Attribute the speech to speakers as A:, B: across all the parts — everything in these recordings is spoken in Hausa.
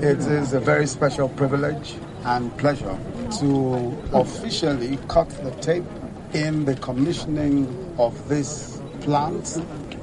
A: It is a very special privilege and pleasure to officially cut the tape in the commissioning of this plant,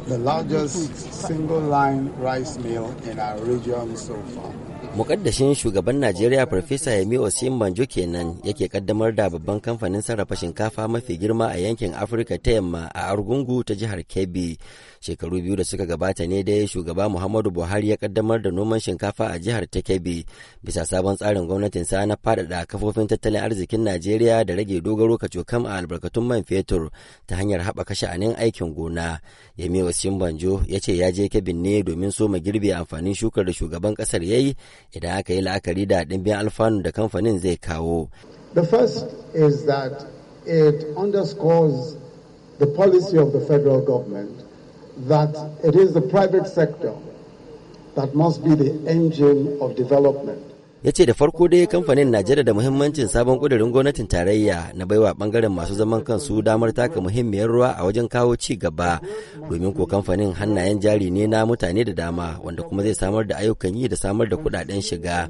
A: the largest single line rice mill in our region so far.
B: mukaddashin shugaban najeriya farfesa yemi osim banjo kenan yake kaddamar da babban kamfanin sarrafa shinkafa mafi girma a yankin afirka ta yamma a argungu ta jihar kebbi shekaru biyu da suka gabata ne dai shugaba muhammadu buhari ya kaddamar da noman shinkafa a jihar ta kebbi bisa sabon tsarin sa na faɗaɗa kafofin tattalin arzikin najeriya da rage dogaro kacokam a albarkatun man fetur ta hanyar haɓaka sha'anin aikin gona yemi osim banjo ya ce ya je Kebbi ne domin soma girbe amfanin shukar da shugaban ƙasar ya idan aka yi la'akari da ɗimbin alfanu da kamfanin zai kawo. The first
A: is that it underscores the policy of the federal government that it is the private sector that must be the engine of development.
B: ya ce da farko dai kamfanin na da muhimmancin sabon kudirin gwamnatin tarayya na baiwa bangaren masu zaman kansu damar taka muhimmiyar ruwa a wajen kawo ci gaba domin ko kamfanin hannayen jari ne na mutane da dama wanda kuma zai samar da ayyukan yi da samar da kudaden shiga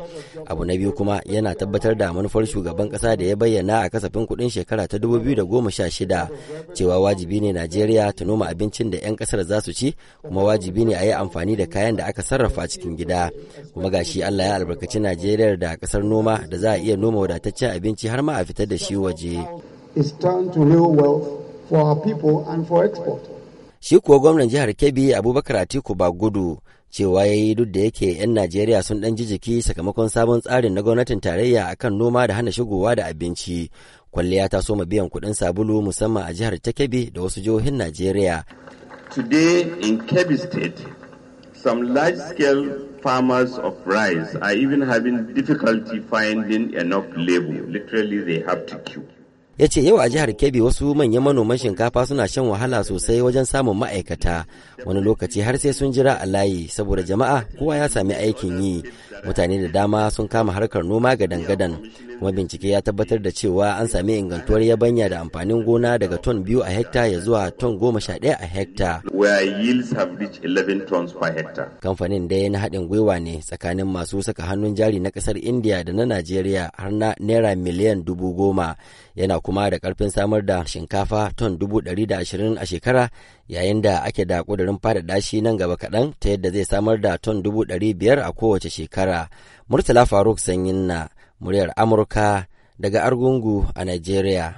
B: abu na biyu kuma yana tabbatar da manufar shugaban kasa da ya bayyana a kasafin kudin shekara ta 2016 cewa wajibi ne najeriya ta noma abincin da 'yan kasar za su ci kuma wajibi ne a yi amfani da kayan da aka sarrafa cikin gida kuma gashi allah ya albarkaci najeriya Najeriya da kasar noma da za a iya noma wadataccen abinci har ma a fitar da shi waje. Shi kuwa gwamnan jihar Kebbi Abubakar Atiku ba gudu cewa ya yi duk da yake 'yan Najeriya sun ɗan jijiki sakamakon sabon tsarin na gwamnatin tarayya akan noma da hana shigowa da abinci. Kwalliya ta soma biyan kuɗin sabulu musamman a jihar ta Kebbi da wasu jihohin Najeriya.
C: Today in Kebbi State, some large-scale farmers of rice are even having difficulty finding enough labor. Literally, they have to queue.
B: ya ce yau a jihar kebbi wasu manyan manoman shinkafa suna shan wahala sosai wajen samun ma'aikata wani lokaci har sai sun jira a layi saboda jama'a kowa ya sami aikin yi mutane da dama sun kama harkar noma gadan-gadan kuma bincike ya tabbatar da cewa an sami ingantuwar yabanya da amfanin gona daga ton biyu a hekta ya zuwa ton goma sha ɗaya a hekta kamfanin dai na haɗin gwiwa ne tsakanin masu saka hannun jari na ƙasar indiya da na najeriya har na naira miliyan dubu goma yana kuma da karfin samar da shinkafa ton dubu ɗari da ashirin a shekara yayin da ake da kudurin fada dashi nan gaba kaɗan ta yadda zai samar da ton dubu ɗari biyar a kowace shekara. Murtala Faruk Sanyin na muryar Amurka daga Argungu a Najeriya.